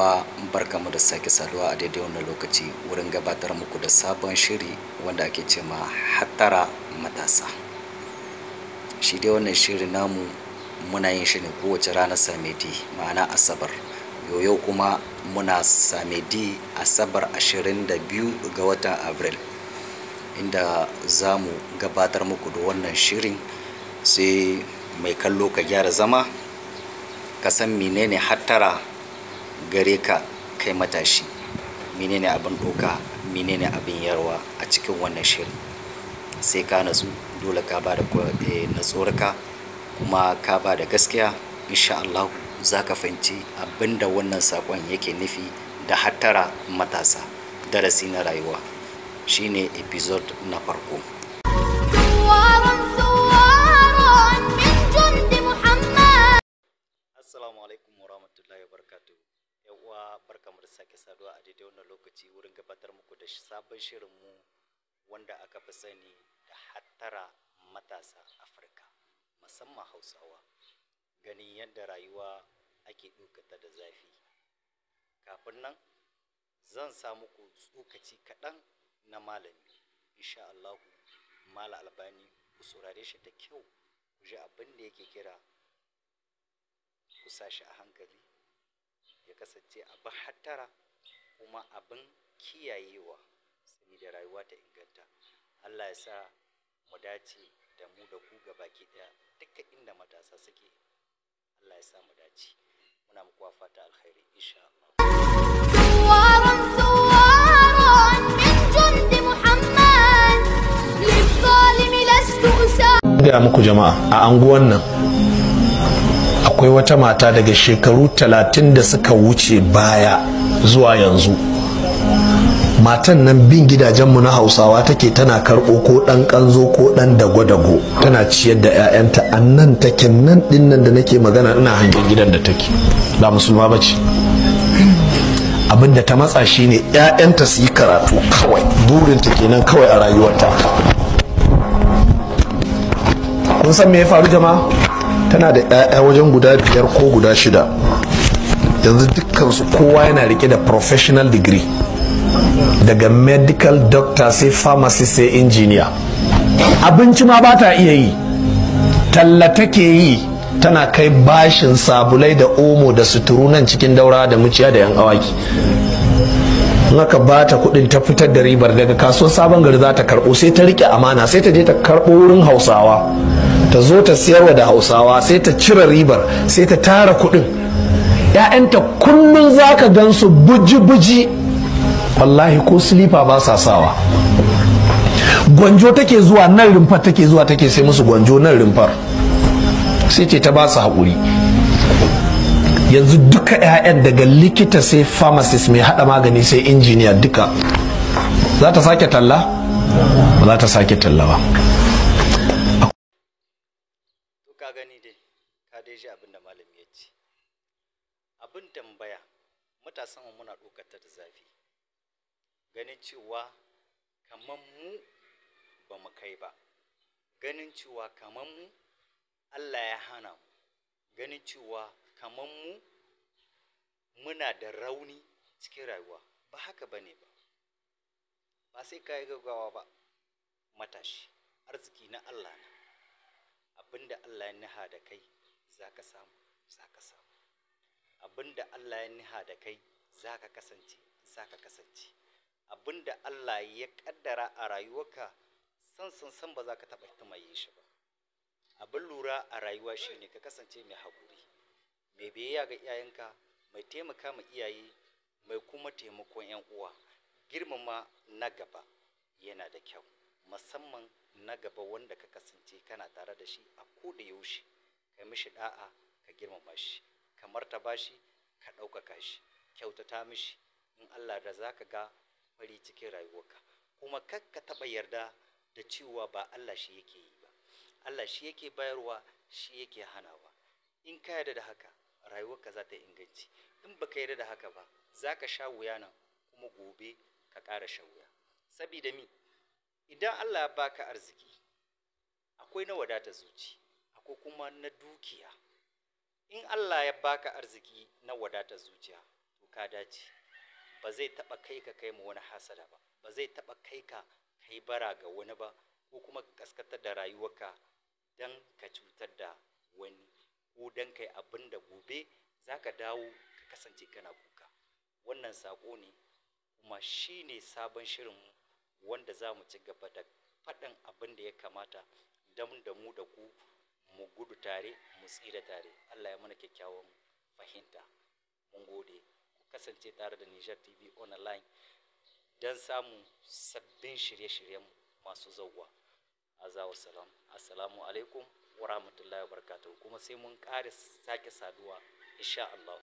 uwa barkamu da sake saduwa a daidai wannan lokaci wurin gabatar muku da sabon shiri wanda ake ce ma hattara matasa shi dai wannan shiri namu muna yin shi ne kowace ranar samedi ma'ana asabar yau kuma muna samedi asabar 22 ga watan abril inda za mu gabatar muku da wannan shirin sai mai kallo ka gyara zama ka san menene hattara gare ka kai matashi menene abin doka menene abin yarwa a cikin wannan shirin sai ka natsu dole ka ba da eh, natsuwarka kuma ka ba da gaskiya insha Allah za ka fahimci abin da wannan sakon yake nufi da hattara matasa darasi na rayuwa shine episode na farko wurin gabatar muku da sabon shirin mu wanda aka fi sani da hattara matasa Afirka, musamman Hausawa, ganin yadda rayuwa ake ɗaukata da zafi. Kafin nan, zan sa muku tsokaci kaɗan na malami, insha Allahu, Mala Albani, ku saurare shi da kyau, ku ji abin da yake kira, ku sa shi a hankali, ya kasance abin hattara kuma abin kiyayewa saboda rayuwa ta inganta Allah ya sa mu dace da mu da ku ga baki daya duka inda matasa suke Allah ya sa mu dace muna muku fata alkhairi insha Allah gaya muku jama'a a anguwan nan akwai wata mata daga shekaru talatin da suka wuce baya zuwa yanzu matan nan bin gidajenmu na hausawa take tana karɓo ko ɗan ƙanzo ko ɗan dago-dago tana ciyar da 'ya'yanta a nan take nan ɗin da nake magana ina hangen gidan da take da musulma ba ce abin da ta matsa shi ne 'ya'yanta su yi karatu kawai burinta kenan kawai a rayuwarta kun san me ya faru jama'a tana da 'ya'ya wajen guda biyar ko guda shida yanzu dukkansu kowa yana rike da professional degree daga medical doctor sai pharmacy sai engineer abinci ma ba ta iya yi talla take yi tana kai bashin sabulai da omo da suturu nan cikin daura da muciya da yan awaki Naka ba ta kudin ta fitar da ribar daga kasuwar sabon gari za ta karbo sai ta rike amana sai ta je ta karbo wurin hausawa ta zo ta siyarwa da hausawa sai ta cire ribar sai ta tara kudin 'ya'yanta kullum za ka gan su buji-buji wallahi ko silifa ba sa sawa gwanjo take zuwa nan rumfar take zuwa take sai musu gwanjo nan rumfar sai ce ta ba su haƙuri yanzu duka 'ya'yan daga likita sai pharmacist mai haɗa magani sai injiniya duka za ta sake talla ba za ta sake talla ba ka gani dai ka dai ji abin da malami ya ce abin tambaya matasan muna ɗaukar ta da zafi ganin cewa kamar mu ba mu kai ba ganin cewa kamar mu Allah ya hana mu ganin cewa kamar mu muna da rauni cikin rayuwa ba haka ba ne ba ba sai ka yi gaggawa ba matashi arziki na Allah ne abinda Allah ya niha da kai za ka samu za ka samu abinda Allah ya niha da kai za ka kasance za ka kasance Abin da Allah ya kaddara a rayuwarka san san san ba za ka taɓa yin shi ba abin lura a rayuwa shi ne ka kasance mai haƙuri mai biyayya ga iyayenka mai taimaka ma iyaye mai kuma taimakon 'yan uwa girmama na gaba yana da kyau musamman na gaba wanda ka kasance kana tare da shi a da yaushe ka mishi da'a ka girmama shi ka martaba shi ka ɗaukaka shi kyautata mishi in Allah da za ka ga fari cikin rayuwarka kuma kar ka taɓa yarda da cewa ba Allah shi yake yi ba Allah shi yake bayarwa shi yake hanawa in ka yarda da haka rayuwarka za ta inganci in baka yarda da haka ba za ka sha wuya nan kuma gobe ka ƙara sha wuya sabida mi idan Allah ya baka arziki akwai na wadata zuci akwai kuma na dukiya in Allah ya baka arziki na wadata zuciya to ka dace ba zai taɓa kai ka kai mu wani hasada ba ba zai taɓa kai ka kai bara ga wani ba ko kuma ka kaskatar da rayuwarka don ka cutar da wani ko dan kai abin da gobe za ka dawo ka kasance kana kuka wannan saƙo ne kuma shi ne sabon shirin wanda za mu ci gaba da faɗin abin da ya kamata don da mu da ku mu gudu tare mu tsira tare Allah ya mana kyakkyawan fahimta mun gode kasance tare da Niger TV online don samun sabbin shirye-shiryen masu zauwa. Azawa salam. Assalamu alaikum wa rahmatullahi wa kuma sai mun ƙara sake saduwa insha Allah.